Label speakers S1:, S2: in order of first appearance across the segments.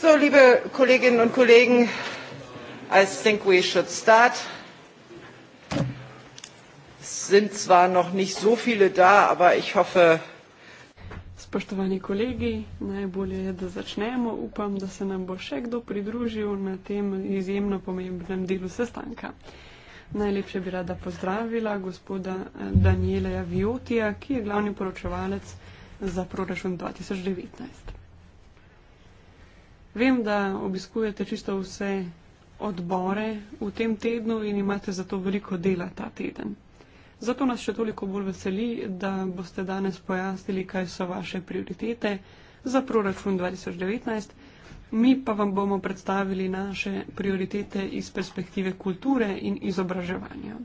S1: So, liebe Kolleginnen und Kollegen, I think we should start. Es sind zwar noch nicht so viele da, aber ich hoffe.
S2: Spoštovani kolegi, najbolje je, da začnemo. Upam, da se nam bo še kdo pridružil na tem izjemno pomembnem delu sestanka. Najlepše bi rada pozdravila gospoda eh, Daniela Viotija, ki je glavni poročevalec za proračun 2019. Vem, da obiskujete čisto vse odbore v tem tednu in imate zato veliko dela ta teden. Zato nas še toliko bolj veseli, da boste danes pojasnili, kaj so vaše prioritete za proračun 2019. Mi pa vam bomo predstavili naše prioritete iz perspektive kulture in izobraževanja.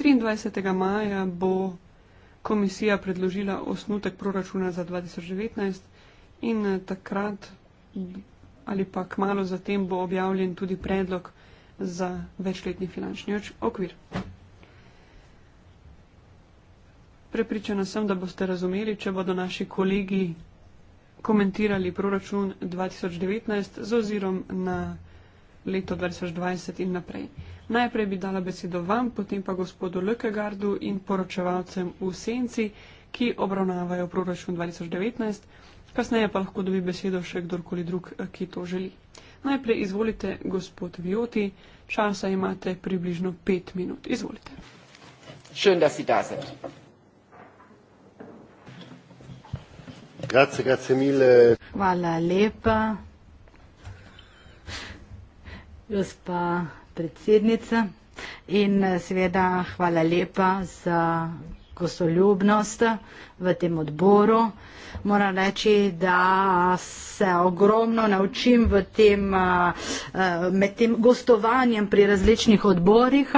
S2: 23. maja bo komisija predložila osnutek proračuna za 2019, In eh, takrat ali pa kmalo zatem bo objavljen tudi predlog za večletni finančni okvir. Prepričana sem, da boste razumeli, če bodo naši kolegi komentirali proračun 2019 z ozirom na leto 2020 in naprej. Najprej bi dala besedo vam, potem pa gospodu Lekegardu in poročevalcem v Senci, ki obravnavajo proračun 2019. Kasneje pa lahko dobi besedo še kdorkoli drug, eh, ki to želi. Najprej izvolite, gospod Vijoti, časa imate približno pet minut. Izvolite. Schön, da si daze.
S3: Grazie, grazie mille.
S1: Hvala lepa, gospa predsednica. In eh, seveda hvala lepa za gostoljubnost v tem odboru. Moram reči, da se ogromno naučim v tem, eh, eh, med tem gostovanjem pri različnih odborih,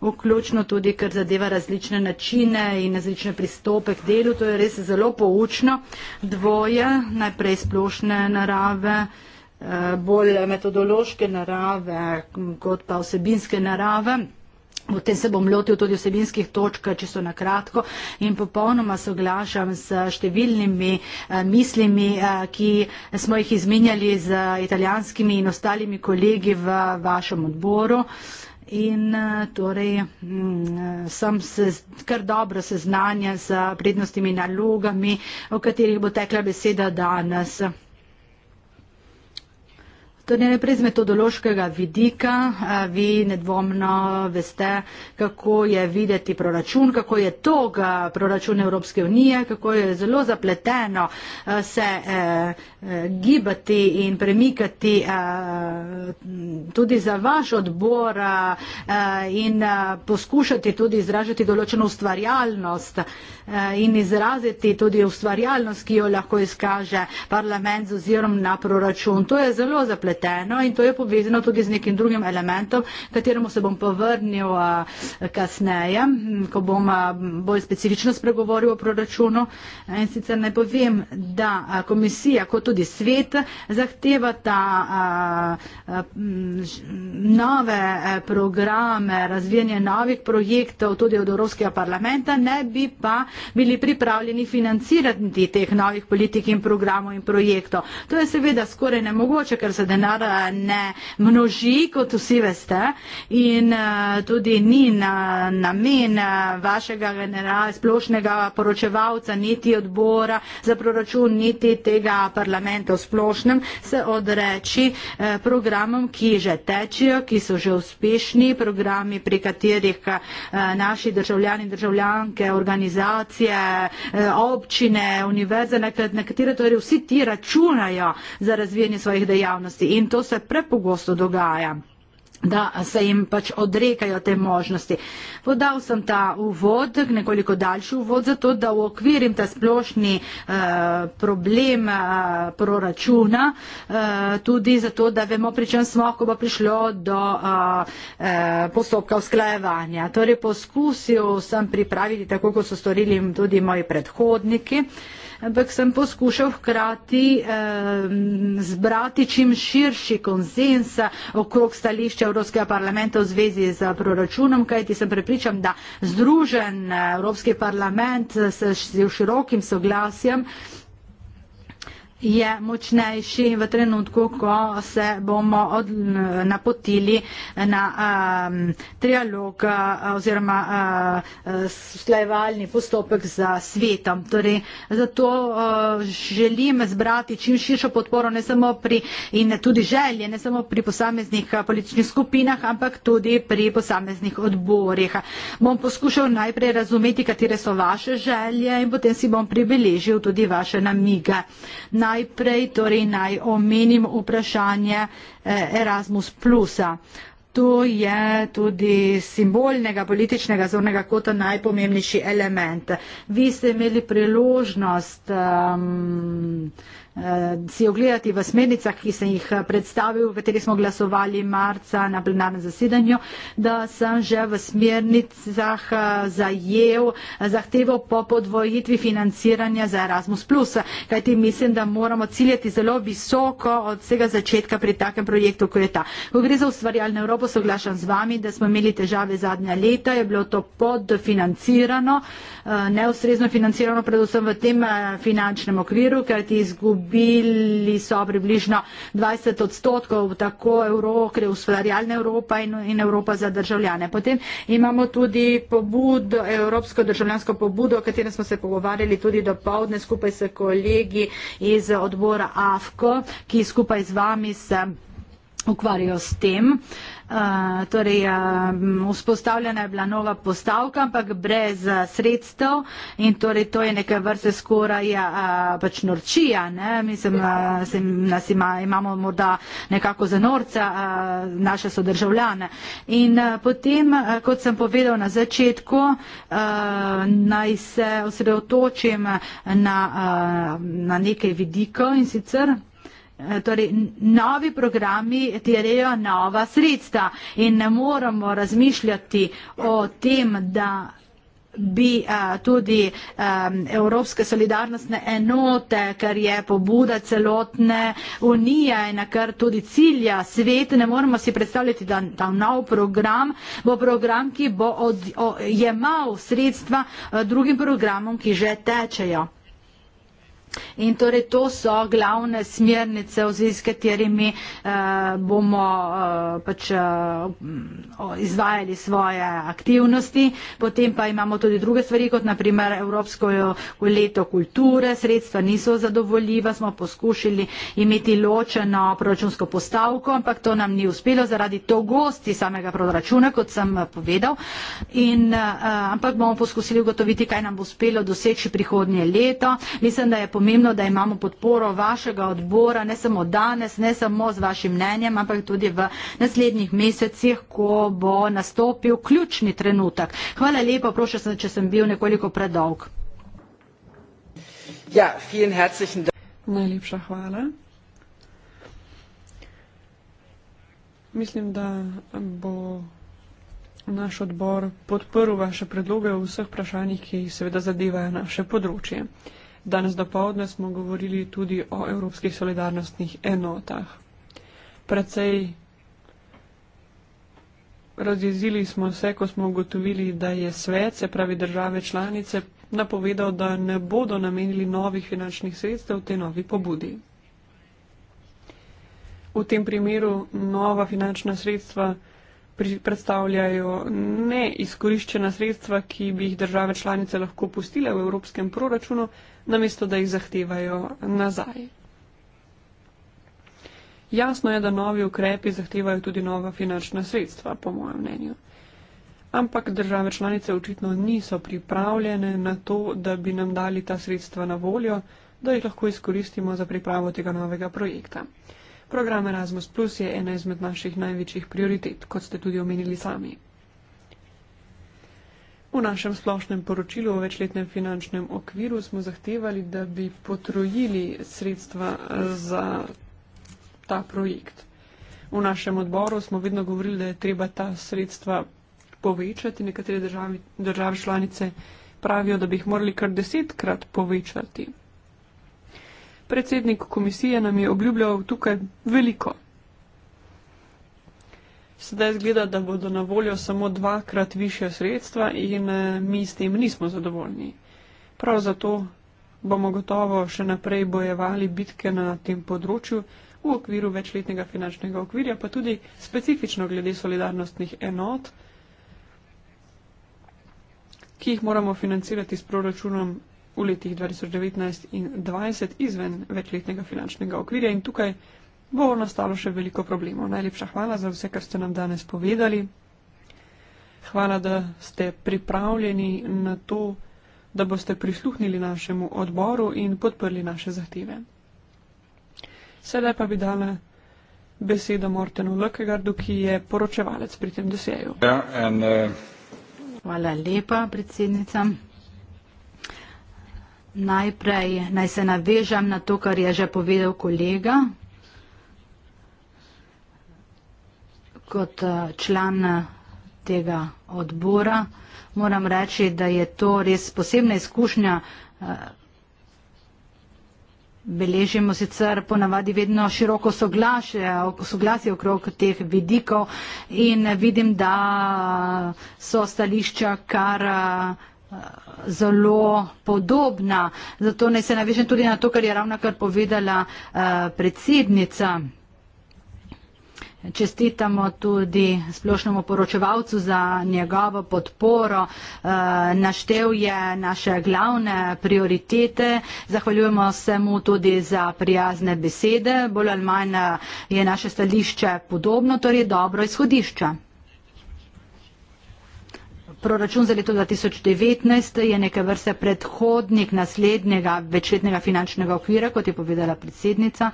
S1: vključno tudi, ker zadeva različne načine in različne pristope k delu. To je res zelo poučno. Dvoje, najprej splošne narave, eh, bolj metodološke narave kot pa vsebinske narave. Potem se bom lotil tudi vsebinskih točk, če so na kratko in popolnoma soglašam s številnimi eh, mislimi, eh, ki smo jih izmenjali z italijanskimi in ostalimi kolegi v vašem odboru. In eh, torej mm, sem se kar dobro seznanjen z prednostimi nalogami, o katerih bo tekla beseda danes. Torej, najprej z metodološkega vidika, vi nedvomno veste, kako je videti proračun, kako je to proračun Evropske unije, kako je zelo zapleteno se e, e, gibati in premikati tudi za vaš odbor in poskušati tudi izražati določeno ustvarjalnost e, in izraziti tudi ustvarjalnost, ki jo lahko izkaže parlament z ozirom na proračun. To je zelo zapleteno zapleteno in to je povezano tudi z nekim drugim elementom, kateremu se bom povrnil kasneje, ko bom bolj specifično spregovoril o proračunu. In sicer ne povem, da komisija, kot tudi svet, zahteva ta nove e, programe, razvijanje novih projektov tudi od Evropskega parlamenta, ne bi pa bili pripravljeni financirati teh novih politik in programov in projektov. To je seveda skoraj nemogoče, ker se denar denar ne množi, kot vsi veste, in uh, tudi ni na namen eh, vašega general, splošnega poročevalca, niti odbora za proračun, niti tega parlamenta v splošnem, se odreči uh, programom, ki že tečejo, ki so že uspešni, programi, pri katerih uh, naši državljani in državljanke, organizacije, uh, občine, univerze, na katere torej vsi ti računajo za razvijanje svojih dejavnosti in to se prepogosto dogaja da se jim pač odrekajo te možnosti. Podal sem ta uvod, nekoliko daljši uvod, zato da uokvirim ta splošni uh, problem uh, proračuna, uh, tudi zato, da vemo, pri čem smo, ko bo prišlo do uh, uh, postopka usklajevanja. Torej, poskusil sem pripraviti, tako kot so storili tudi moji predhodniki, uh, ampak sem poskušal hkrati eh, zbrati čim širši konsens okrog stališča Evropskega parlamenta v zvezi z proračunom, kajti sem prepričan, da združen eh, Evropski parlament eh, s, s, s širokim soglasjem eh, je močnejši v trenutku, ko se bomo od, napotili na um, trialog uh, oziroma uh, sklajevalni postopek za svetom. Torej, zato uh, želim zbrati čim širšo podporo ne samo pri in tudi želje, ne samo pri posameznih uh, političnih skupinah, ampak tudi pri posameznih odborih. Bom poskušal najprej razumeti, katere so vaše želje in potem si bom pribeležil tudi vaše namige. Naj najprej torej naj omenim vprašanje eh, Erasmus plusa. To je tudi simbolnega političnega zornega kota najpomembnejši element. Vi ste imeli priložnost um, Eh, si ogledati v smernicah, ki sem jih eh, predstavil, v kateri smo glasovali marca na plenarnem zasedanju, da sem že v smernicah eh, zajel zahtevo po podvojitvi financiranja za Erasmus. Kajti mislim, da moramo ciljati zelo visoko od vsega začetka pri takem projektu, ko je ta. Ko gre za ustvarjalno Evropo, soglašam z vami, da smo imeli težave zadnja leta, je bilo to podfinancirano, neustrezno financirano, predvsem v tem finančnem okviru, kajti izgub izgubili so približno 20 odstotkov, tako Evrokre, ustvarjalna Evropa in, in Evropa za državljane. Potem imamo tudi pobudo, Evropsko državljansko pobudo, o katerem smo se pogovarjali tudi do povdne skupaj s kolegi iz odbora AFKO, ki skupaj z vami se ukvarjajo s tem. Uh, Eh, torej eh, vzpostavljena je bila nova postavka, ampak brez eh, sredstev in torej to je neke vrste skoraj pač norčija, ne, mislim, nas ima, imamo morda nekako za norca naše sodržavljane. In potem, kot sem povedal na začetku, naj se osredotočim na, na nekaj vidikov in sicer Eh, torej novi programi terejo nova sredstva in ne moramo razmišljati o tem, da bi a, eh, tudi a, ehm, Evropske solidarnostne enote, kar je pobuda celotne unije in kar tudi cilja svet, ne moramo si predstavljati, da ta nov program bo program, ki bo od, o, jemal sredstva a, eh, drugim programom, ki že tečejo. In torej to so glavne smernice, v zvezi s katerimi eh, bomo eh, pač, eh, izvajali svoje aktivnosti. Potem pa imamo tudi druge stvari, kot naprimer Evropsko leto kulture. Sredstva niso zadovoljiva, smo poskušali imeti ločeno proračunsko postavko, ampak to nam ni uspelo zaradi togosti samega proračuna, kot sem eh, povedal. In, eh, ampak bomo poskusili ugotoviti, kaj nam bo uspelo doseči prihodnje leto. Mislim, pomembno, da imamo podporo vašega odbora, ne samo danes, ne samo z vašim mnenjem, ampak tudi v naslednjih mesecih, ko bo nastopil ključni trenutek. Hvala lepa, prošel sem, če sem bil nekoliko predolg.
S2: Ja, Najlepša hvala. Mislim, da bo naš odbor podprl vaše predloge v vseh vprašanjih, ki seveda zadevajo naše področje. Danes dopoledne smo govorili tudi o evropskih solidarnostnih enotah. Predvsej razjezili smo se, ko smo ugotovili, da je svet, se pravi države članice, napovedal, da ne bodo namenili novih finančnih sredstev te novi pobudi. V tem primeru nova finančna sredstva predstavljajo neizkoriščena sredstva, ki bi jih države članice lahko pustile v evropskem proračunu, namesto da jih zahtevajo nazaj. Jasno je, da novi ukrepi zahtevajo tudi nova finančna sredstva, po mojem mnenju. Ampak države članice očitno niso pripravljene na to, da bi nam dali ta sredstva na voljo, da jih lahko izkoristimo za pripravo tega novega projekta. Program Erasmus Plus je ena izmed naših največjih prioritet, kot ste tudi omenili sami. V našem splošnem poročilu o večletnem finančnem okviru smo zahtevali, da bi potrojili sredstva za ta projekt. V našem odboru smo vedno govorili, da je treba ta sredstva povečati. Nekatere države članice pravijo, da bi jih morali kar desetkrat povečati predsednik komisije nam je obljubljal tukaj veliko. Sedaj zgleda, da bodo na voljo samo dvakrat više sredstva in eh, mi s tem nismo zadovoljni. Prav zato bomo gotovo še naprej bojevali bitke na tem področju v okviru večletnega finančnega okvirja, pa tudi specifično glede solidarnostnih enot, ki jih moramo financirati s proračunom v letih 2019 in 2020 izven večletnega finančnega okvirja in tukaj bo nastalo še veliko problemov. Najlepša hvala za vse, kar ste nam danes povedali. Hvala, da ste pripravljeni na to, da boste prisluhnili našemu odboru in podprli naše zahteve. Sedaj pa bi dala besedo Mortenu Lökegardu, ki je poročevalec pri tem doseju.
S3: Ja, uh...
S1: Hvala lepa, predsednica. Najprej naj se navežem na to, kar je že povedal kolega. Kot eh, član eh, tega odbora moram reči, da je to res posebna izkušnja. Eh, beležimo sicer ponavadi vedno široko soglasje, soglasje okrog teh vidikov in vidim, da so stališča kar zelo podobna. Zato naj se navežem tudi na to, kar je ravno kar povedala eh, predsednica. Čestitamo tudi splošnemu poročevalcu za njegovo podporo. Eh, Naštev je naše glavne prioritete. Zahvaljujemo se mu tudi za prijazne besede. Bolj ali manj eh, je naše stališče podobno, torej dobro izhodišče proračun za leto 2019 je neke vrste predhodnik naslednjega večletnega finančnega okvira, kot je povedala predsednica.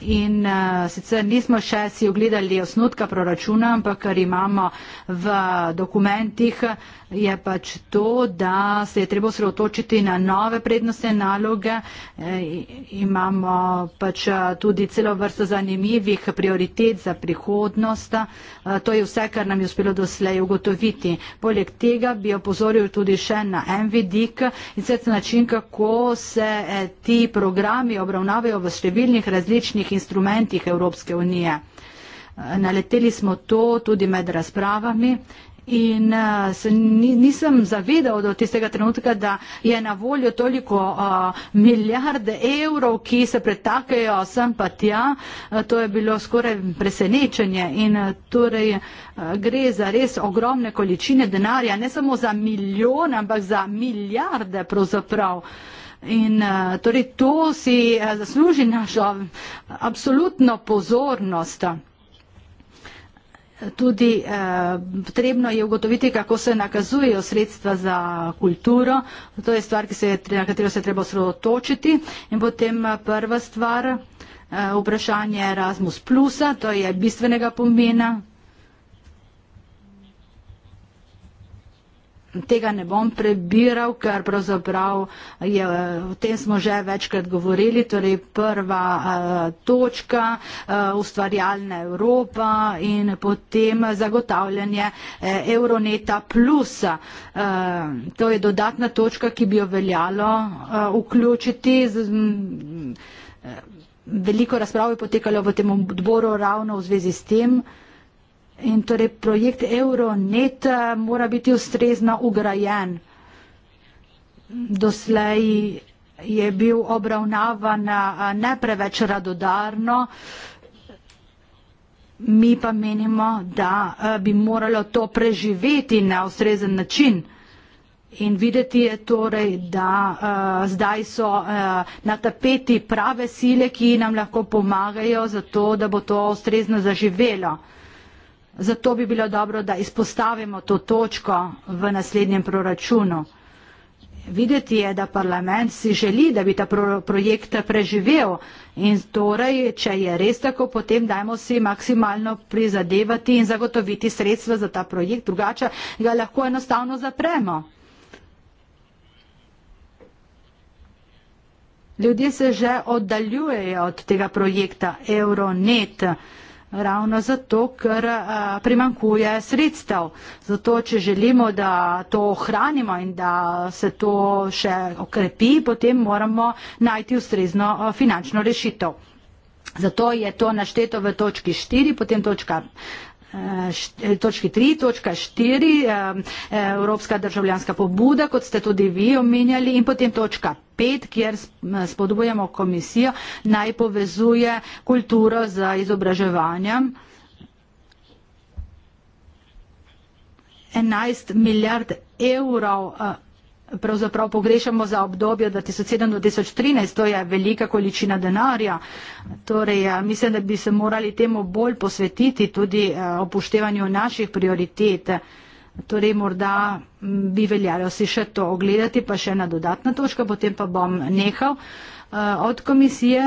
S1: In uh, sicer nismo še si ogledali osnutka proračuna, ampak kar imamo v dokumentih, je pač to, da se je treba osredotočiti na nove prednostne naloge. E, imamo pač eh, tudi celo vrsto zanimivih prioritet za prihodnost. E, to je vse, kar nam je uspelo doslej ugotoviti. Poleg tega bi opozoril tudi še na en vidik in sicer način, kako se e, ti programi obravnavajo v številnih različnih različnih instrumentih Evropske unije. Naleteli smo to tudi med razpravami in eh, se nisem zavedal do tistega trenutka, da je na voljo toliko eh, milijarde evrov, ki se pretakajo sem pa tja. Eh, to je bilo skoraj presenečenje in torej gre za res ogromne količine denarja, ne samo za milijon, ampak za milijarde pravzaprav. In uh, torej to si uh, zasluži našo eh, absolutno pozornost. Tudi eh, potrebno je ugotoviti, kako se nakazujejo sredstva za kulturo. To je stvar, se, na katero se treba osredotočiti. In potem prva stvar, eh, vprašanje Erasmus, to je bistvenega pomena. tega ne bom prebiral, ker pravzaprav je, o tem smo že večkrat govorili, torej prva uh, točka, uh, ustvarjalna Evropa in potem zagotavljanje uh, Euroneta plus. Uh, to je dodatna točka, ki bi jo veljalo uh, vključiti. Z, m, m, veliko razprav je potekalo v tem odboru ravno v zvezi s tem. Uh, In torej projekt Euronet eh, mora biti ustrezno ugrajen. Doslej je bil obravnavan eh, ne preveč radodarno, mi pa menimo, da eh, bi moralo to preživeti na ustrezen način. In videti je torej, da uh, zdaj so uh, na tapeti prave sile, ki nam lahko pomagajo za to, da bo to ustrezno zaživelo zato bi bilo dobro, da izpostavimo to točko v naslednjem proračunu. Videti je, da parlament si želi, da bi ta projekt preživel in torej, če je res tako, potem dajmo si maksimalno prizadevati in zagotoviti sredstva za ta projekt, drugače ga lahko enostavno zapremo. Ljudje se že oddaljujejo od tega projekta Euronet ravno zato, ker eh, primankuje sredstev. Zato, če želimo, da to ohranimo in da se to še okrepi, potem moramo najti ustrezno eh, finančno rešitev. Zato je to našteto v točki 4, potem točka Eh, točki tri, točka štiri, eh, evropska državljanska pobuda, kot ste tudi vi omenjali, in potem točka pet, kjer eh, spodbujamo komisijo, naj povezuje kulturo z izobraževanjem. 11 milijard evrov pravzaprav pogrešamo za obdobje 2007-2013, to je velika količina denarja. Torej, eh, mislim, da bi se morali temu bolj posvetiti tudi eh, opuštevanju naših prioritet. Torej, morda bi veljalo si še to ogledati, pa še ena dodatna točka, potem pa bom nehal. Eh, od komisije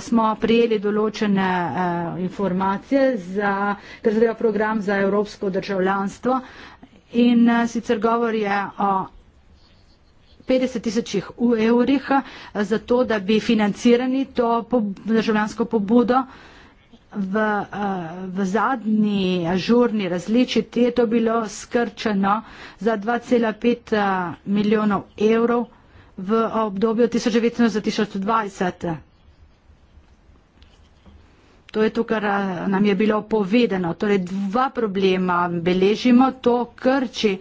S1: smo prijeli določene informacije za program za evropsko državljanstvo in sicer govor je o 50 tisočih evrih eh, za to, da bi financirali to državljansko pobudo. V, eh, v zadnji žurni različiti je to bilo skrčeno za 2,5 eh, milijonov evrov v obdobju 1900-2020. To je to, kar nam je bilo povedano. Torej dva problema beležimo, to krči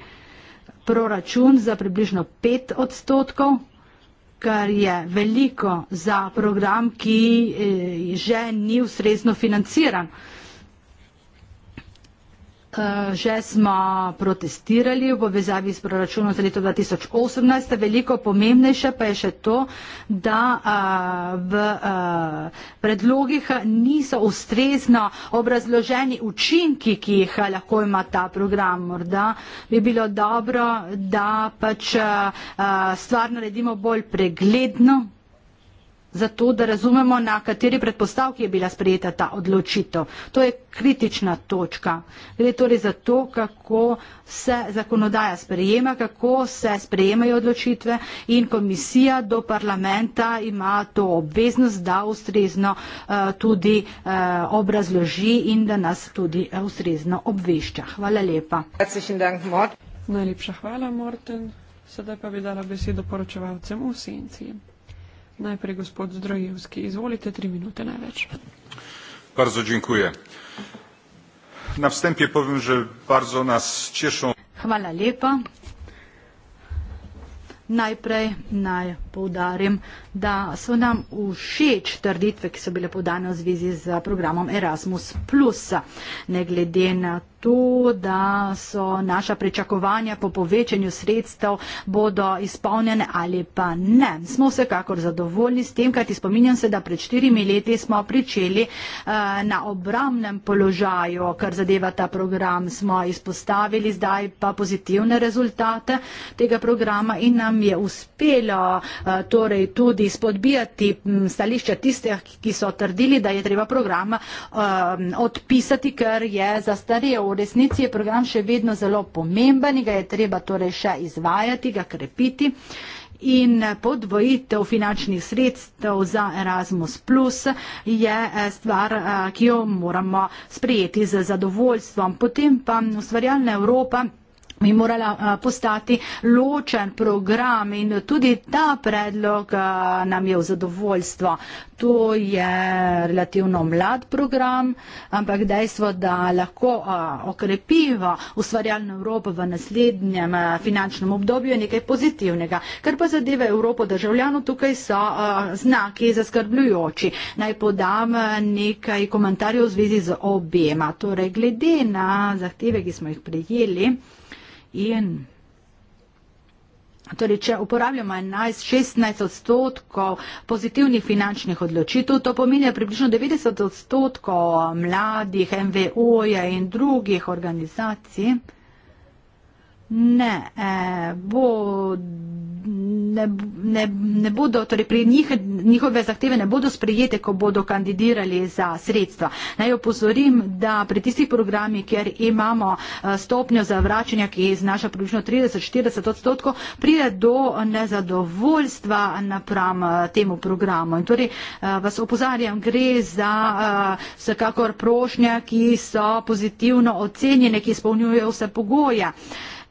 S1: proračun za približno 5 odstotkov, kar je veliko za program, ki eh, že ni ustrezno financiran. Eh, že smo protestirali v povezavi s proračunom za leto 2018. Veliko pomembnejše pa je še to, da eh, v eh, predlogih niso ustrezno obrazloženi učinki, ki jih lahko ima ta program. Morda bi bilo dobro, da pač stvar naredimo bolj pregledno, zato da razumemo, na kateri predpostavki je bila sprejeta ta odločitev. To je kritična točka. Gre torej za to, kako se zakonodaja sprejema, kako se sprejemajo odločitve in komisija do parlamenta ima to obveznost, da ustrezno uh, tudi uh, obrazloži in da nas tudi uh, ustrezno obvešča. Hvala lepa. Najlepša hvala, Morten.
S2: Sedaj pa bi dala besedo poročevalcem v senci. Najprej gospod Zdrojevski, izvolite tri minute največ.
S3: Bardzo dziękuję. Na wstępie powiem, że bardzo nas cieszą.
S1: Hvala lepa. Najprej naj poudarim, da so nam všeč trditve, ki so bile podane v zvezi z programom Erasmus. Ne glede na to, to, da so naša prečakovanja po povečanju sredstev bodo izpolnjene ali pa ne. Smo vsekakor zadovoljni s tem, kajti spominjam se, da pred štirimi leti smo pričeli eh, na obramnem položaju, kar zadeva ta program, smo izpostavili zdaj pa pozitivne rezultate tega programa in nam je uspelo eh, torej tudi spodbijati mm, stališča tistih, ki so trdili, da je treba program eh, odpisati, ker je zastarel v resnici je program še vedno zelo pomemben, ga je treba torej še izvajati, ga krepiti in podvojitev finančnih sredstev za Erasmus Plus je eh, stvar, eh, ki jo moramo sprejeti z zadovoljstvom. Potem pa ustvarjalna Evropa bi morala postati ločen program in tudi ta predlog nam je v zadovoljstvo. To je relativno mlad program, ampak dejstvo, da lahko okrepiva ustvarjalno Evropo v naslednjem finančnem obdobju, je nekaj pozitivnega. Ker pa zadeve Evropo državljanov tukaj so znaki zaskrbljujoči. Naj podam nekaj komentarjev v zvezi z obema. Torej, glede na zahteve, ki smo jih prijeli, in Torej, če uporabljamo 11-16 odstotkov pozitivnih finančnih odločitev, to pomeni približno 90 odstotkov mladih, MVO-ja in drugih organizacij. Ne, eh, bo, ne, ne, ne bodo, torej pri njih, njihove zahteve ne bodo sprejete, ko bodo kandidirali za sredstva. Naj opozorim, da pri tistih programih, kjer imamo eh, stopnjo zavračanja, ki znaša približno 30-40 odstotkov, prije do nezadovoljstva napram eh, temu programu. In torej eh, vas opozarjam, gre za eh, vsekakor prošnja, ki so pozitivno ocenjene, ki izpolnjujejo vse pogoje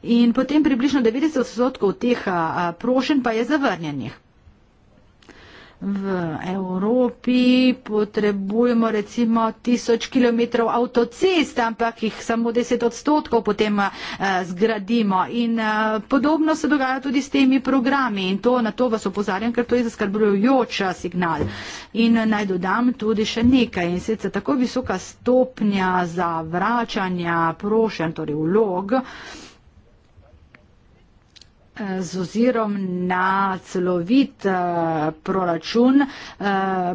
S1: in potem približno 90 odstotkov teh prošen pa je zavrnjenih. V Evropi potrebujemo recimo tisoč kilometrov avtocest, ampak jih samo deset odstotkov potem zgradimo. In podobno se dogaja tudi s temi programi in to na to vas opozarjam, ker to je zaskrbljujoč signal. In naj dodam tudi še nekaj in sicer tako visoka stopnja za vračanja prošen, torej vlog, z ozirom na celovit uh, proračun uh,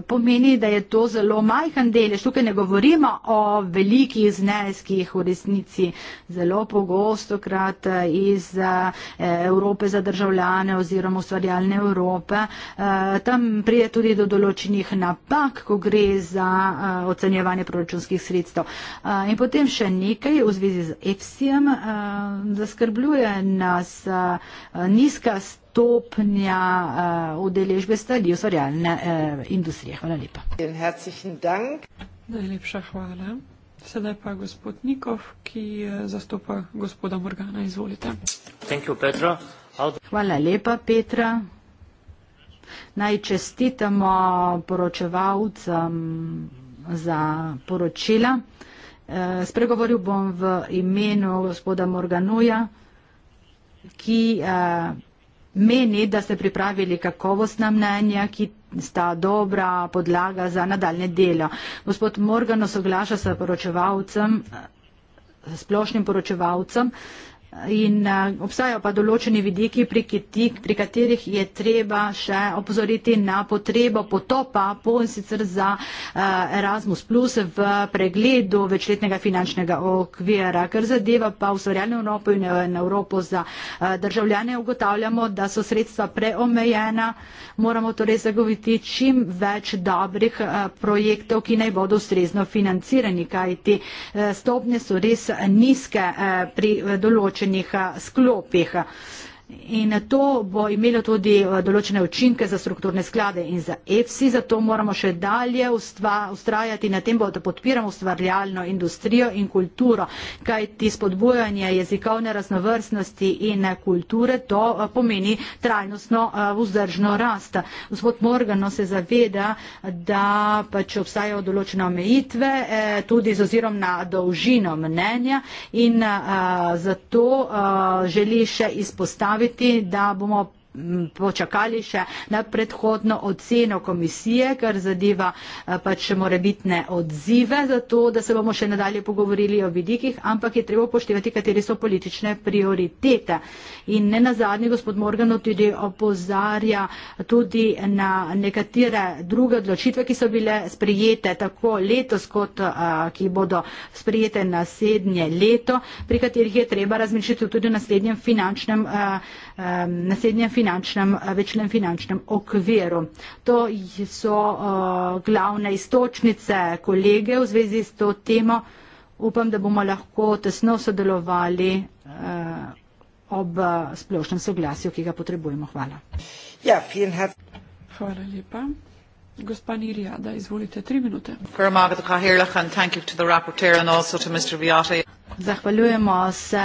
S1: pomeni, da je to zelo majhen delež. Tukaj ne govorimo o velikih zneskih v resnici. Zelo pogosto krat eh, iz uh, Evrope za državljane oziroma ustvarjalne Evrope. Uh, tam pride tudi do določenih napak, ko gre za uh, ocenjevanje proračunskih sredstev. Uh, in potem še nekaj v zvezi z EPSI-em. Uh, zaskrbljuje nas. Uh, Eh, nizka stopnja eh, udeležbe stali ustvarjalne eh, industrije. Hvala lepa.
S2: Najlepša hvala. Sedaj pa gospod Nikov, ki zastopa gospoda
S1: Morgana. Izvolite. You, hvala lepa, Petra. Naj čestitamo poročevalcem za poročila. Spregovoril bom v imenu gospoda Morganuja ki eh, meni, da ste pripravili kakovostna mnenja, ki sta dobra podlaga za nadaljne delo. Gospod Morgano soglaša s poročevalcem, s eh, splošnim poročevalcem, In uh, obstajajo pa določeni vidiki, pri, kitik, pri katerih je treba še opozoriti na potrebo potopa, po in sicer za uh, Erasmus Plus v pregledu večletnega finančnega okvira. Ker zadeva pa ustvarjalno Evropo in eh, Evropo za uh, državljane, ugotavljamo, da so sredstva preomejena. Moramo torej zagoviti čim več dobrih uh, projektov, ki naj bodo ustrezno financirani, kajti uh, stopnje so res nizke uh, pri uh, določenih določenih sklopih. In to bo imelo tudi eh, določene učinke za strukturne sklade in za EFSI, zato moramo še dalje ustrajati na tem, da podpiramo ustvarjalno industrijo in kulturo, kajti spodbujanje jezikovne raznovrstnosti in eh, kulture to eh, pomeni trajnostno vzdržno rast. Gospod Morgano no, se zaveda, da pač obstajajo določene omejitve tudi z ozirom na dolžino mnenja in zato želi še izpostaviti, predstaviti, da bomo počakali še na predhodno oceno komisije, kar zadeva eh, pač morebitne odzive za to, da se bomo še nadalje pogovorili o vidikih, ampak je treba upoštevati, kateri so politične prioritete. In ne nazadnje, gospod Morgano tudi opozarja tudi na nekatere druge odločitve, ki so bile sprijete tako letos, kot eh, ki bodo sprijete naslednje leto, pri katerih je treba razmišljati tudi o naslednjem finančnem a, eh, Ehm, naslednjem finančnem, večnem finančnem okviru. To so eh, glavne istočnice kolege v zvezi s to temo. Upam, da bomo lahko tesno sodelovali eh, ob splošnem soglasju, ki ga potrebujemo. Hvala. Ja,
S2: Hvala lepa. Gospa Nirija, da izvolite tri minute.
S1: Zahvaljujemo se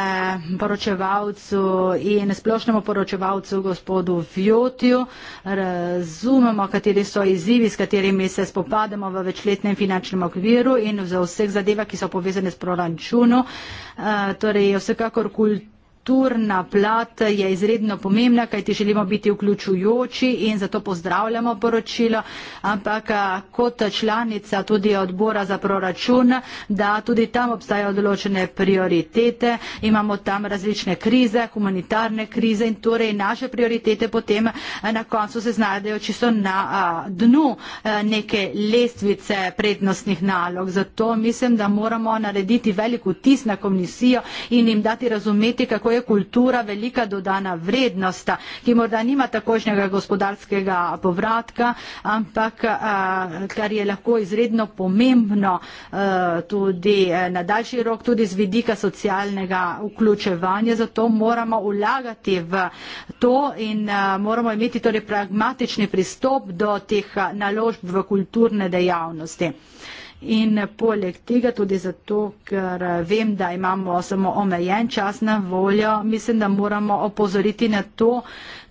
S1: poročevalcu in splošnemu poročevalcu gospodu Fjotju. Razumemo, kateri so izzivi, s katerimi se spopademo v večletnem finančnem okviru in za vseh zadeva, ki so povezane s proračunom, eh, torej vsekakor kulturo kulturna plat je izredno pomembna, kajti želimo biti vključujoči in zato pozdravljamo poročilo, ampak kot članica tudi odbora za proračun, da tudi tam obstajajo določene prioritete, imamo tam različne krize, humanitarne krize in torej naše prioritete potem na koncu se znajdejo čisto na dnu neke lestvice prednostnih nalog. Zato mislim, da moramo narediti veliko tis na komisijo in jim dati razumeti, kako kako je kultura velika dodana vrednost, ki morda nima takošnjega gospodarskega povratka, ampak kar je lahko izredno pomembno tudi na daljši rok, tudi z vidika socialnega vključevanja. Zato moramo vlagati v to in moramo imeti torej pragmatični pristop do teh naložb v kulturne dejavnosti. Uh, In poleg tega tudi zato, ker vem, da imamo samo omejen čas na voljo, mislim, da moramo opozoriti na to,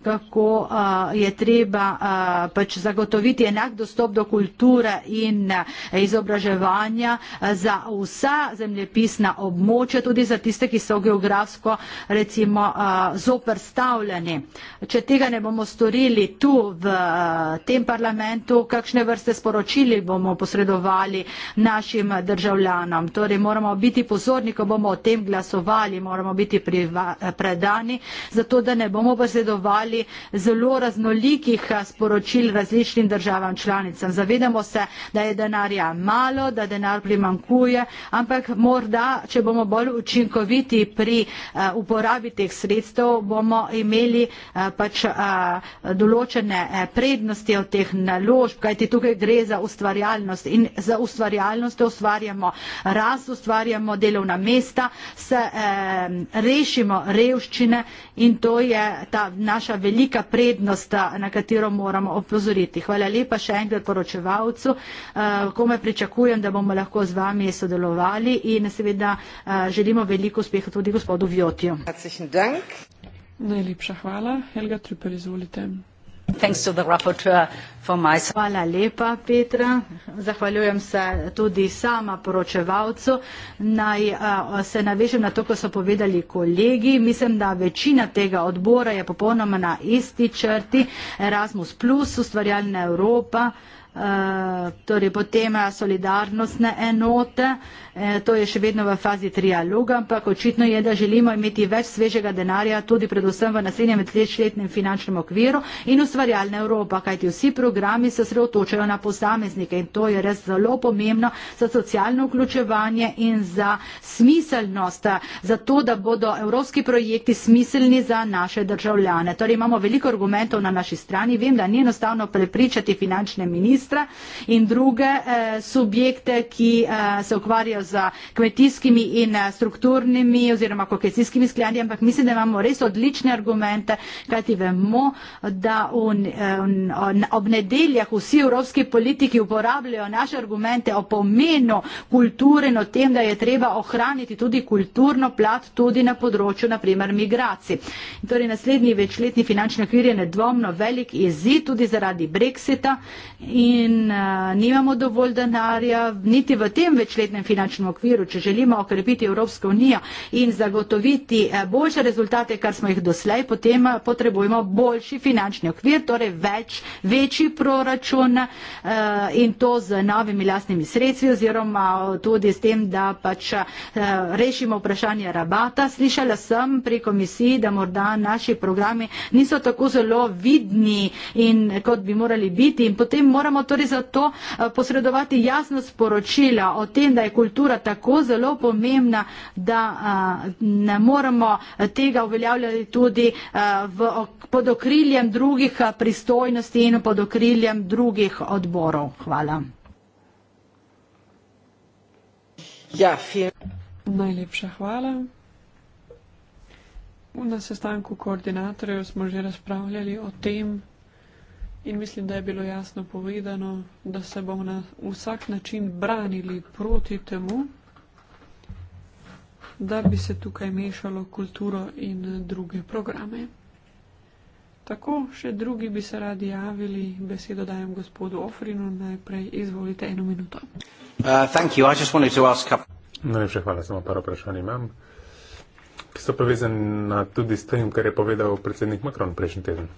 S1: kako je treba pač zagotoviti enak dostop do kulture in izobraževanja za vsa zemljepisna območja, tudi za tiste, ki so geografsko recimo zoprstavljeni. Če tega ne bomo storili tu v tem parlamentu, kakšne vrste sporočili bomo posredovali našim državljanom. Torej moramo biti pozorni, ko bomo o tem glasovali, moramo biti predani, zato da ne bomo posredovali prejeli zelo raznolikih eh, sporočil različnim državam članicam. Zavedamo se, da je denarja malo, da denar primankuje, ampak morda, če bomo bolj učinkoviti pri eh, uporabi teh sredstev, bomo imeli eh, pač določene prednosti od teh naložb, kajti tukaj gre za ustvarjalnost in za ustvarjalnost ustvarjamo rast, ustvarjamo delovna mesta, se rešimo revščine in to je ta naša velika prednost, eh, na katero moramo opozoriti. Hvala lepa še enkrat poročevalcu, eh, kome pričakujem, da bomo lahko z vami sodelovali in seveda eh, želimo veliko uspeha tudi gospodu Vjotju. Najlepša hvala. Helga Trüper, izvolite. Thanks to the rapporteur. Hvala lepa, Petra. Zahvaljujem se tudi sama poročevalcu. Naj se navežem na to, ko so povedali kolegi. Mislim, da večina tega odbora je popolnoma na isti črti. Erasmus, ustvarjalna Evropa. Eh, torej potem eh, solidarnostne enote, eh, to je še vedno v fazi trialoga, ampak očitno je, da želimo imeti več svežega denarja tudi predvsem v naslednjem tletšletnem finančnem okviru in ustvarjalna Evropa, kajti vsi programi se sredotočajo na posameznike in to je res zelo pomembno za socialno vključevanje in za smiselnost, za to, da bodo evropski projekti smiselni za naše državljane. Torej imamo veliko argumentov na naši strani, vem, da ni enostavno prepričati finančne ministre, ministra in druge eh, subjekte, ki eh, se ukvarjajo z kmetijskimi in eh, strukturnimi oziroma kohezijskimi skladi, ampak mislim, da imamo res odlične argumente, kajti vemo, da un, un, un, ob nedeljah vsi evropski politiki uporabljajo naše argumente o pomenu kulture in o tem, da je treba ohraniti tudi kulturno plat tudi na področju naprimer migracij. Torej, naslednji večletni finančni okvir je nedvomno velik izid tudi zaradi brexita. In in uh, nimamo dovolj denarja, niti v tem večletnem finančnem okviru, če želimo okrepiti Evropsko unijo in zagotoviti uh, boljše rezultate, kar smo jih doslej, potem uh, potrebujemo boljši finančni okvir, torej več, večji proračun uh, in to z novimi lastnimi sredstvi oziroma tudi s tem, da pač uh, rešimo vprašanje rabata. Slišala sem pri komisiji, da morda naši programi niso tako zelo vidni in kot bi morali biti in potem moramo moramo torej zato eh, posredovati jasno sporočila o tem, da je kultura tako zelo pomembna, da eh, ne moramo eh, tega uveljavljati tudi pod okriljem drugih pristojnosti in pod okriljem drugih odborov. Hvala. Ja, Najlepša hvala.
S2: Na sestanku koordinatorjev smo že razpravljali o tem, In mislim, da je bilo jasno povedano, da se bomo na vsak način branili proti temu, da bi se tukaj mešalo kulturo in druge programe. Tako, še drugi bi se radi javili. Besedo dajem gospodu Ofrinu. Najprej izvolite eno minuto.
S3: Uh, Najlepša hvala, samo par vprašanj imam, ki so povezani tudi s tem, kar je povedal predsednik Macron prejšnji teden.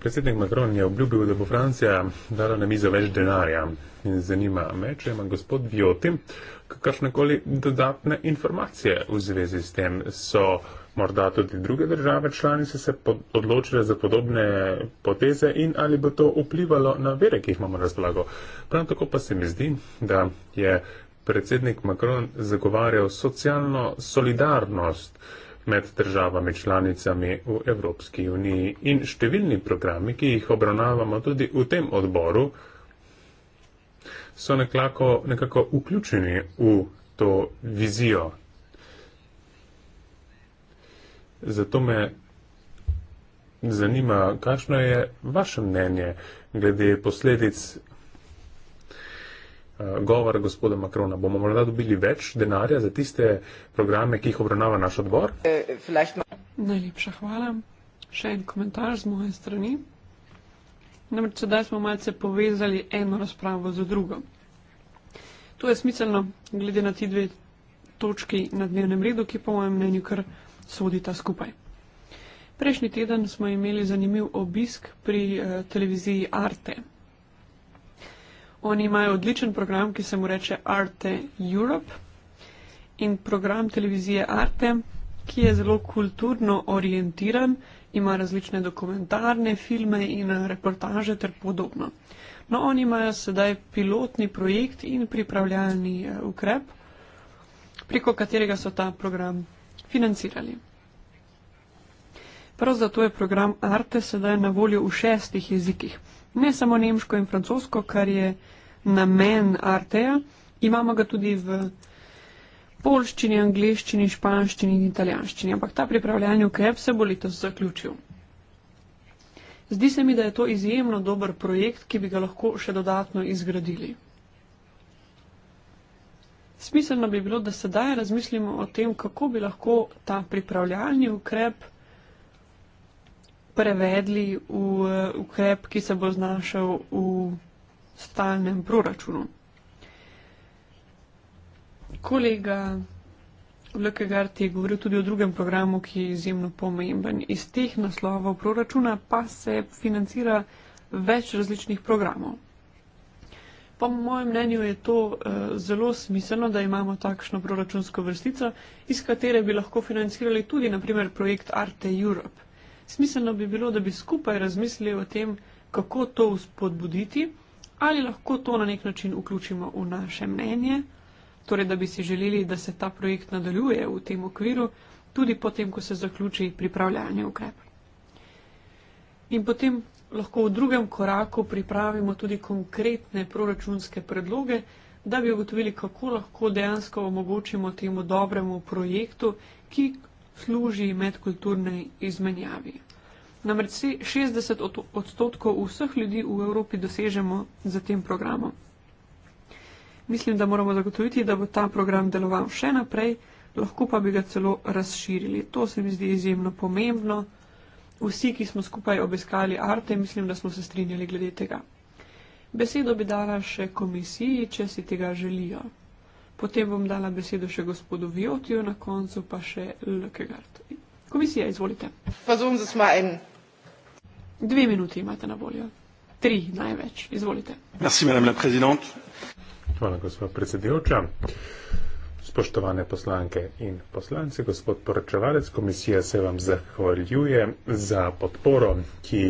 S3: Predsednik Macron je obljubil, da bo Francija dala na mizo več denarja in zanima me, če ima gospod Vioti kakršnekoli dodatne informacije v zvezi s tem. So morda tudi druge države članice se odločile za podobne poteze in ali bo to vplivalo na vere, ki jih imamo razblago. Prav tako pa se mi zdi, da je predsednik Macron zagovarjal socialno solidarnost. Uh, med državami članicami v Evropski uniji in številni programi, ki jih obravnavamo tudi v tem odboru, so nekako, nekako vključeni v to vizijo. Zato me zanima, kakšno je vaše mnenje glede posledic Eh, govor gospoda Makrona. Bomo morda dobili več denarja za tiste programe, ki jih obravnava naš odbor? Najlepša
S2: hvala. Še en komentar z moje strani. Namreč sedaj smo malce povezali eno razpravo z drugo. To je smiselno, glede na ti dve točki na dnevnem redu, ki po mojem mnenju kar sodita skupaj. Prejšnji teden smo imeli zanimiv obisk pri eh, televiziji Arte, Oni imajo odličen program, ki se mu reče Arte Europe in program televizije Arte, ki je zelo kulturno orientiran, ima različne dokumentarne filme in reportaže ter podobno. No, oni imajo sedaj pilotni projekt in pripravljalni eh, ukrep, preko katerega so ta program financirali. Prav zato je program Arte sedaj na voljo v šestih jezikih ne samo nemško in francosko, kar je namen Arteja, imamo ga tudi v polščini, angliščini, španščini in italijanščini, ampak ta pripravljalni ukrep se bo letos zaključil. Zdi se mi, da je to izjemno dober projekt, ki bi ga lahko še dodatno izgradili. Smiselno bi bilo, da sedaj razmislimo o tem, kako bi lahko ta pripravljalni ukrep prevedli v eh, ukrep, ki se bo znašel v stalnem proračunu. Kolega Lekegart je govoril tudi o drugem programu, ki je izjemno pomemben. Iz teh naslovov proračuna pa se financira več različnih programov. Po mojem mnenju je to uh, zelo smiselno, da imamo takšno proračunsko vrstico, iz katere bi lahko financirali tudi naprimer projekt Arte Europe smiselno bi bilo, da bi skupaj razmislili o tem, kako to spodbuditi, ali lahko to na nek način vključimo v naše mnenje, torej da bi si želeli, da se ta projekt nadaljuje v tem okviru, tudi potem, ko se zaključi pripravljalni ukrep. In potem lahko v drugem koraku pripravimo tudi konkretne proračunske predloge, da bi ugotovili, kako lahko dejansko omogočimo temu dobremu projektu, ki služi medkulturnej izmenjavi. Namreč 60 odstotkov vseh ljudi v Evropi dosežemo za tem programom. Mislim, da moramo zagotoviti, da bo ta program deloval še naprej, lahko pa bi ga celo razširili. To se mi zdi izjemno pomembno. Vsi, ki smo skupaj obiskali Arte, mislim, da smo se strinjali glede tega. Besedo bi dala še komisiji, če si tega želijo. Potem bom dala besedo še gospodu Viotiju, na koncu pa še Lökegard. Komisija, izvolite. Dve minuti imate na voljo. Tri največ. Izvolite.
S3: Merci, Hvala, gospod predsedujoča. Spoštovane poslanke in poslanci, gospod poročevalec, komisija se vam zahvaljuje za podporo, ki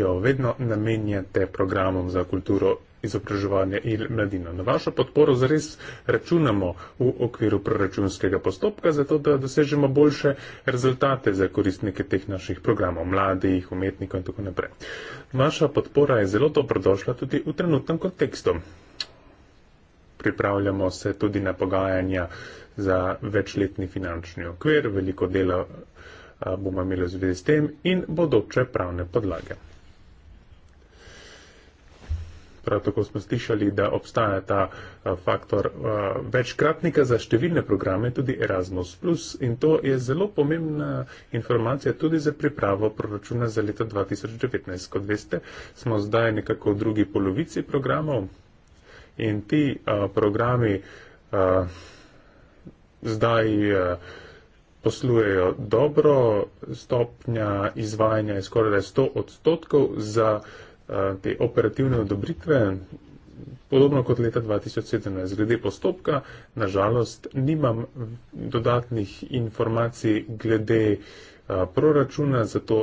S3: jo vedno namenjate programom za kulturo izobraževanja in mladina. Na vašo podporo zares računamo v okviru proračunskega postopka, zato da dosežemo boljše rezultate za koristnike teh naših programov, mladih, umetnikov in tako naprej. Vaša podpora je zelo dobrodošla tudi v trenutnem kontekstu. Pripravljamo se tudi na pogajanja za večletni finančni okvir, veliko dela bomo imeli v zvezi s tem in bodoče pravne podlage. Prav tako smo slišali, da obstaja ta eh, faktor eh, večkratnika za številne programe, tudi Erasmus. In to je zelo pomembna informacija tudi za pripravo proračuna za leto 2019. Kot veste, smo zdaj nekako v drugi polovici programov in ti eh, programi zdaj poslujejo dobro, stopnja izvajanja je skoraj 100 odstotkov za. Eh, te operativne odobritve, podobno kot leta 2017. Glede postopka, nažalost, nimam dodatnih informacij glede eh, proračuna, zato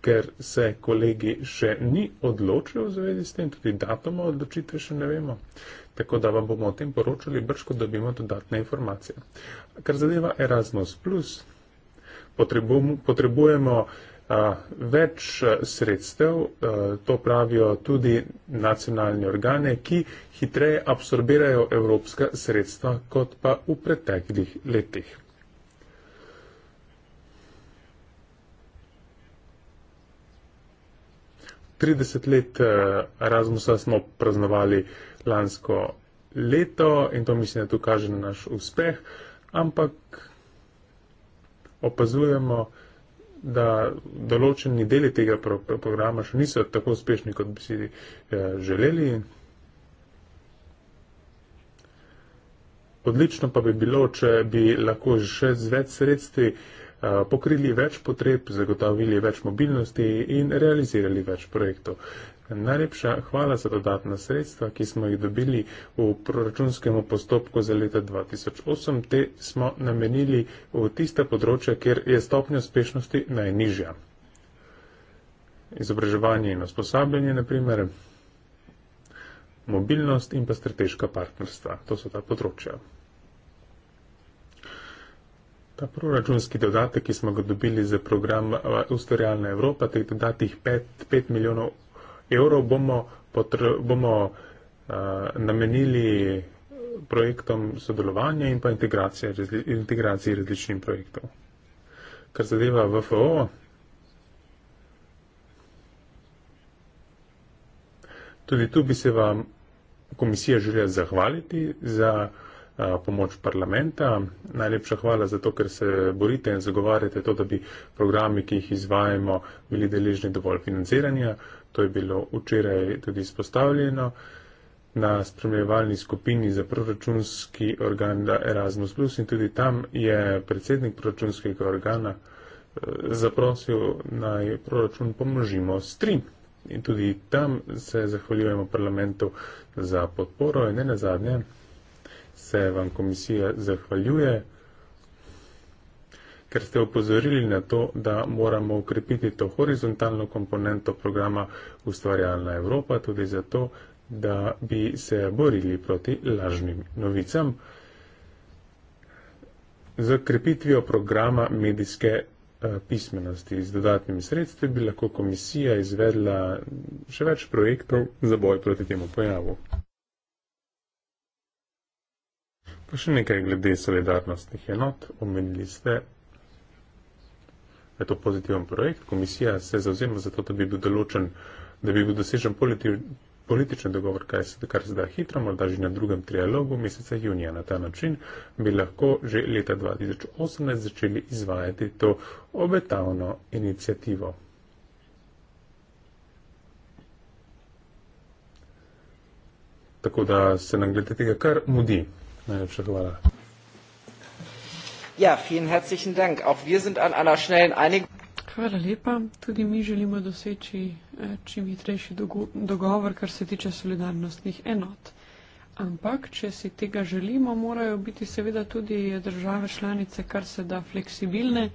S3: ker se kolegi še ni odločil v zvezi s tem, tudi datoma odločitve še ne vemo. Tako da vam bomo o tem poročali, brž ko dobimo dodatne informacije. Kar zadeva Erasmus, potrebujemo, potrebujemo več e, sredstev, e, to pravijo tudi nacionalni organe, ki hitreje absorbirajo evropska sredstva kot pa v preteklih letih. Trideset let e, Erasmusa smo praznovali lansko leto in to mislim, da tu kaže na naš uspeh, ampak opazujemo, da da določeni deli tega pro, pro, programa še niso tako uspešni, kot bi si eh, želeli. Odlično pa bi bilo, če bi lahko še z več sredstvi eh, pokrili več potreb, zagotavili več mobilnosti in realizirali več projektov. Najlepša hvala za dodatna sredstva, ki smo jih dobili v proračunskem postopku za leta 2008. Te smo namenili v tista področja, kjer je stopnja uspešnosti najnižja. Izobraževanje in osposabljanje, naprimer, mobilnost in pa strateška partnerstva. To so ta področja. Ta proračunski dodatek, ki smo ga dobili za program eh, Ustvarjalna Evropa, teh dodatih 5 milijonov evrov bomo, bomo uh, namenili projektom sodelovanja in pa integracije, razli integraciji različnih projektov. Kar zadeva VFO, tudi tu bi se vam komisija želela zahvaliti za eh, pomoč parlamenta. Najlepša hvala za to, ker se borite in zagovarjate to, da bi programi, ki jih izvajamo, bili deležni dovolj financiranja. Uh, To je bilo včeraj tudi izpostavljeno na spremljevalni skupini za proračunski organ Erasmus. Plus. In tudi tam je predsednik proračunskega organa eh, zaprosil, naj proračun pomnožimo s tri. In tudi tam se zahvaljujemo parlamentu za podporo in ne nazadnje se vam komisija zahvaljuje ker ste upozorili na to, da moramo ukrepiti to horizontalno komponento programa Ustvarjalna Evropa, tudi zato, da bi se borili proti lažnim novicam. Z ukrepitvijo programa medijske eh, pismenosti z dodatnimi sredstvi bi lahko komisija izvedla še več projektov za boj proti temu pojavu. Pa še nekaj glede solidarnostnih enot. Omenili ste je to pozitiven projekt. Komisija se zauzema za to, da bi bil, določen, da bi bil dosežen politi, političen dogovor, kaj se, kar se da hitro, morda že na drugem trialogu meseca junija. Na ta način bi lahko že leta 2018 začeli izvajati to obetavno inicijativo. Tako da se nam glede tega kar mudi. Najlepša hvala.
S1: Ja, vielen herzlichen Dank.
S3: Auch wir sind an einer schnellen Einigung.
S2: Hvala lepa. Tudi mi želimo doseči eh, čim hitrejši dogovor, kar se tiče solidarnostnih enot. Ampak, če si tega želimo, morajo biti seveda tudi države članice kar se da fleksibilne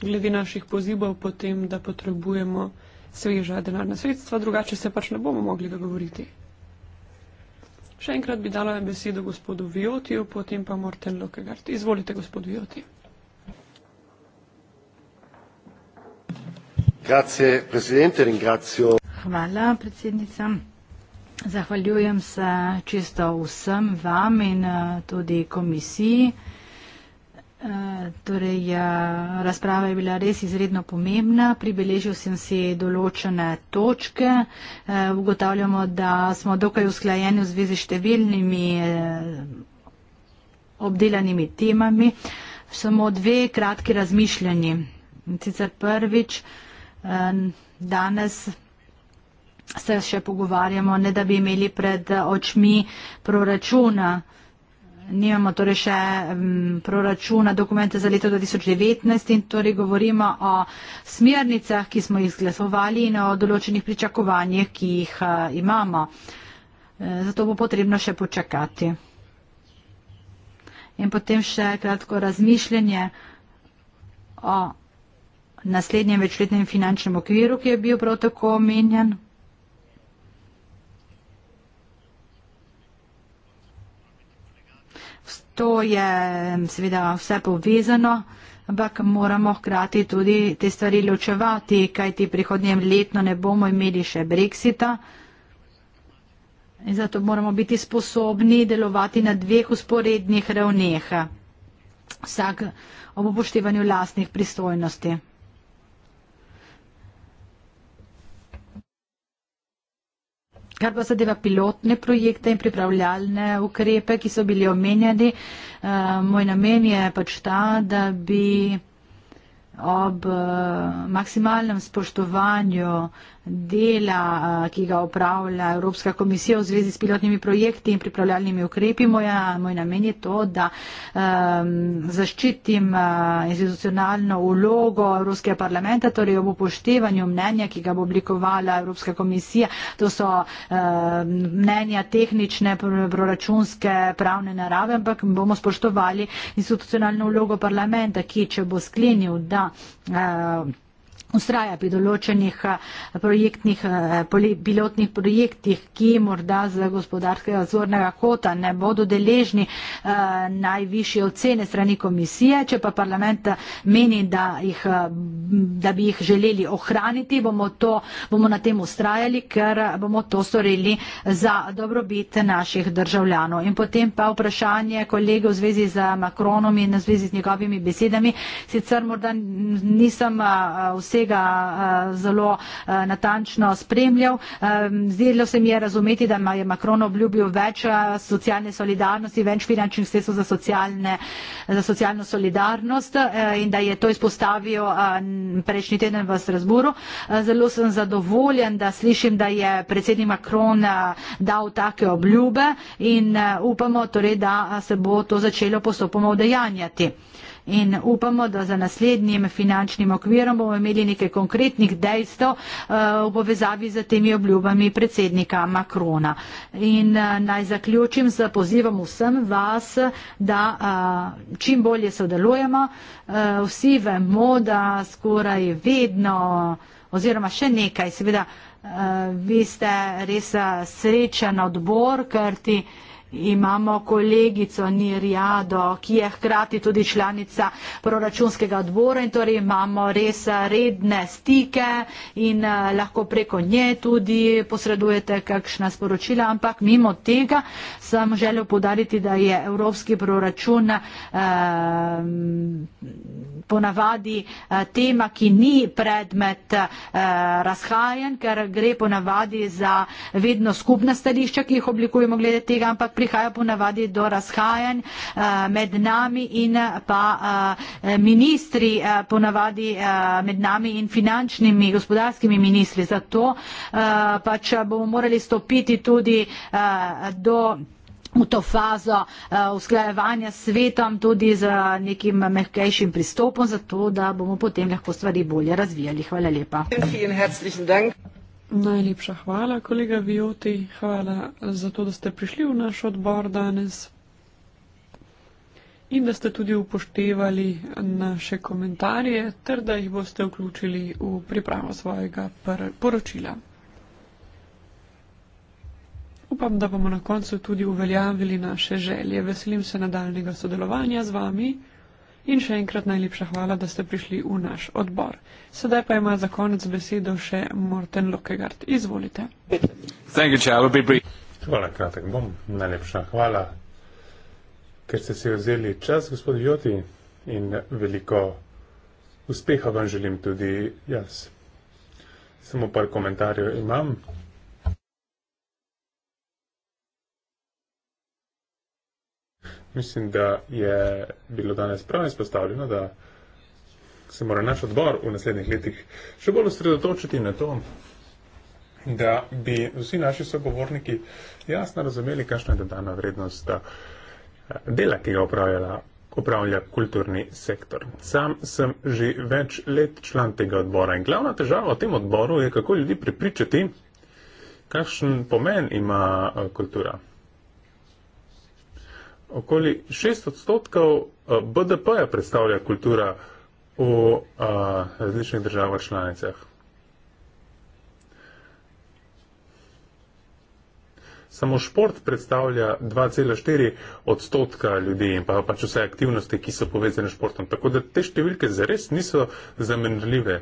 S2: glede naših pozivov potem, da potrebujemo sveža denarna sredstva, drugače se pač ne bomo mogli dogovoriti. Še enkrat bi dala besedo gospodu Viotiju, potem pa Morten Lokegard. Izvolite, gospod Vioti.
S1: Hvala, predsednica. Zahvaljujem se čisto vsem vam in eh, tudi komisiji. Eh, torej, ja, razprava je bila res izredno pomembna. Pribeležil sem si določene točke. Eh, ugotavljamo, da smo dokaj usklajeni v zvezi s številnimi eh, obdelanimi temami. Samo dve kratki razmišljanji. Sicer prvič, danes se še pogovarjamo, ne da bi imeli pred očmi proračuna. Nimamo torej še m, mm, proračuna, dokumente za leto 2019 in torej govorimo o smernicah, ki smo jih izglasovali in o določenih pričakovanjih, ki jih a, eh, imamo. E, zato bo potrebno še počakati. In potem še kratko razmišljanje o naslednjem večletnem finančnem okviru, ki je bil prav tako omenjen. to je mm, seveda vse povezano, ampak moramo hkrati tudi te stvari ločevati, kajti prihodnjem letno ne bomo imeli še Brexita. In zato moramo biti sposobni delovati na dveh usporednih ravneh, vsak ob upoštevanju lastnih pristojnosti. Kar pa zadeva pilotne projekte in pripravljalne ukrepe, ki so bili omenjeni, eh, moj namen je pač ta, da bi ob eh, maksimalnem spoštovanju uh, dela, ki ga upravlja Evropska komisija v zvezi s pilotnimi projekti in pripravljalnimi ukrepi. Moja, moj namen je to, da um, zaščitim uh, institucionalno ulogo Evropskega parlamenta, torej ob upoštevanju mnenja, ki ga bo oblikovala Evropska komisija. To so uh, mnenja tehnične, proračunske, pravne narave, ampak bomo spoštovali institucionalno ulogo parlamenta, ki če bo sklenil, da uh, ustraja pri določenih eh, projektnih, eh, pilotnih projektih, ki morda z gospodarskega zornega kota ne bodo deležni eh, najvišje ocene strani komisije, če pa parlament meni, da, jih, da bi jih želeli ohraniti, bomo, to, bomo na tem ustrajali, ker bomo to storili za dobrobit naših državljanov. In potem pa vprašanje kolege v zvezi z Macronom in v zvezi z njegovimi besedami. Sicer morda nisem vse vsega eh, zelo eh, natančno spremljal. Zdelo se mi je razumeti, da je Macron obljubil več eh, socialne solidarnosti, več finančnih sredstv za, za socialno solidarnost in da je to izpostavil prejšnji teden v Strasburu. Zelo sem zadovoljen, da slišim, da je predsednik Macron dal take obljube in upamo torej, da se bo to začelo postopoma udejanjati in upamo, da za naslednjim finančnim okvirom bomo imeli nekaj konkretnih dejstev eh, v povezavi z temi obljubami predsednika Makrona. In eh, naj zaključim z pozivom vsem vas, da eh, čim bolje sodelujemo. Vsi vemo, da skoraj vedno oziroma še nekaj, seveda, vi ste res srečen odbor, ker ti uh, Imamo kolegico Nirjado, ki je hkrati tudi članica proračunskega odbora in torej imamo res redne stike in eh, lahko preko nje tudi posredujete kakšna sporočila, ampak mimo tega sem želel podariti, da je evropski proračun eh, ponavadi eh, tema, ki ni predmet eh, razhajen, ker gre ponavadi za vedno skupna stališča, ki jih oblikujemo glede tega, ampak pri prihaja ponavadi do razhajanj eh, med nami in eh, pa eh, ministri, ponavadi med nami in finančnimi, gospodarskimi ministri. Zato pač bomo morali stopiti tudi do v to fazo usklajevanja s svetom, tudi z nekim mehkejšim pristopom, zato da bomo potem lahko stvari bolje razvijali. Hvala lepa. Hvala lepa. Najlepša hvala, kolega Vijoti.
S2: Hvala za to, da ste prišli v naš odbor danes in da ste tudi upoštevali naše komentarje ter da jih boste vključili v pripravo svojega poročila. Upam, da bomo na koncu tudi uveljavili naše želje. Veselim se nadaljnega sodelovanja z vami. In še enkrat najlepša hvala, da ste prišli v naš odbor. Sedaj pa ima za konec besedo še Morten Lokegard. Izvolite.
S3: Hvala, kratek bom. Najlepša hvala, ker ste si vzeli čas, gospod Joti, in veliko uspeha vam želim tudi jaz. Samo par komentarjev imam. mislim, da je bilo danes prav izpostavljeno, da se mora naš odbor v naslednjih letih še bolj osredotočiti na to, da bi vsi naši sogovorniki jasno razumeli, kakšna je dodana vrednost eh, dela, ki ga upravlja, upravlja kulturni sektor. Sam sem že več let član tega odbora in glavna težava v tem odboru je, kako ljudi pripričati, kakšen pomen ima eh, kultura okoli 6 odstotkov eh, BDP-ja predstavlja kultura v a, eh, različnih državah članicah. Samo šport predstavlja 2,4 odstotka ljudi in pa pač vse aktivnosti, ki so povezane s športom. Tako da te številke zares niso zamenljive.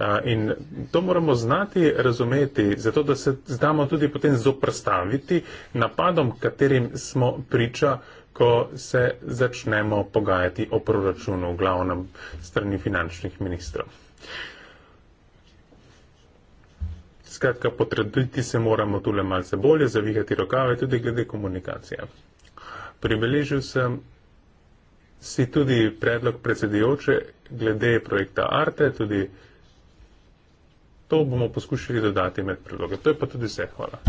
S3: Eh, in to moramo znati razumeti, zato da se znamo tudi potem zoprstaviti napadom, katerim smo priča uh, ko se začnemo pogajati o proračunu v glavnem strani finančnih ministrov. Skratka, potrditi se moramo tule malce bolje, zavihati rokave tudi glede komunikacije. Pribeležil sem si tudi predlog predsedujoče glede projekta Arte, tudi to bomo poskušali dodati med predloge. To je pa tudi vse. Hvala.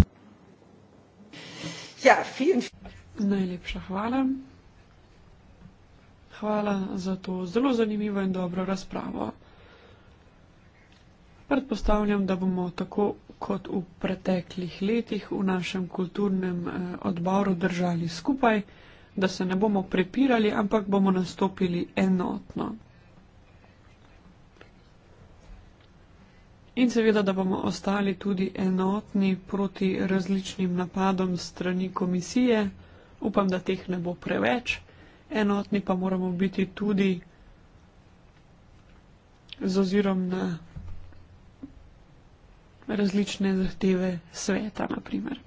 S2: Ja, vielen Dank. Najlepša hvala. Hvala za to zelo zanimivo in dobro razpravo. Predpostavljam, da bomo tako kot v preteklih letih v našem kulturnem eh, odboru držali skupaj, da se ne bomo prepirali, ampak bomo nastopili enotno. In seveda, da bomo ostali tudi enotni proti različnim napadom strani komisije. Upam, da teh ne bo preveč, enotni pa moramo biti tudi z ozirom na različne zahteve sveta, naprimer.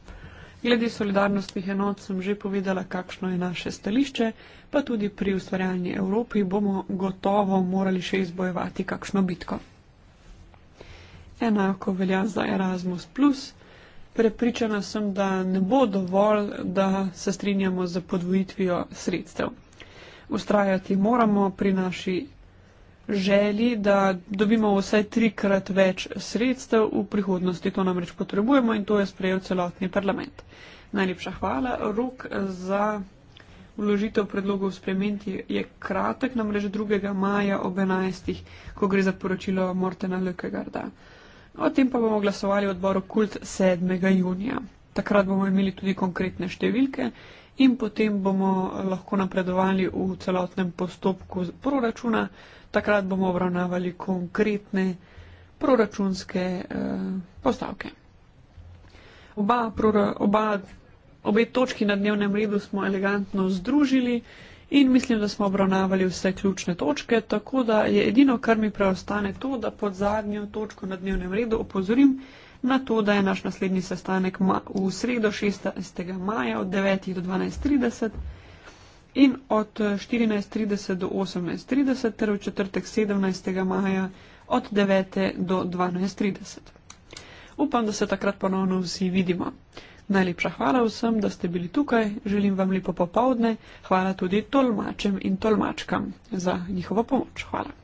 S2: Glede solidarnostnih enot sem že povedala, kakšno je naše stališče, pa tudi pri ustvarjanju Evropi bomo gotovo morali še izbojevati kakšno bitko. Enako velja za Erasmus prepričana sem, da ne bo dovolj, da se strinjamo z podvojitvijo sredstev. Ustrajati moramo pri naši želi, da dobimo vsaj trikrat več sredstev v prihodnosti. To namreč potrebujemo in to je sprejel celotni parlament. Najlepša hvala. Rok za vložitev predlogov sprememb je kratek, namreč 2. maja ob 11. ko gre za poročilo Mortena Lökegarda. O tem pa bomo glasovali v odboru Kult 7. junija. Takrat bomo imeli tudi konkretne številke in potem bomo eh, lahko napredovali v celotnem postopku proračuna. Takrat bomo obravnavali konkretne proračunske eh, postavke. Oba, prora, oba, obe točki na dnevnem redu smo elegantno združili in mislim, da smo obravnavali vse ključne točke, tako da je edino, kar mi preostane, to, da pod zadnjo točko na dnevnem redu opozorim na to, da je naš naslednji sestanek v sredo 16. maja od 9. do 12.30 in od 14.30 do 18.30 ter v četrtek 17. maja od 9. do 12.30. Upam, da se takrat ponovno vsi vidimo. Najlepša hvala vsem, da ste bili tukaj. Želim vam lepo popovdne. Hvala tudi tolmačem in tolmačkam za njihovo pomoč. Hvala.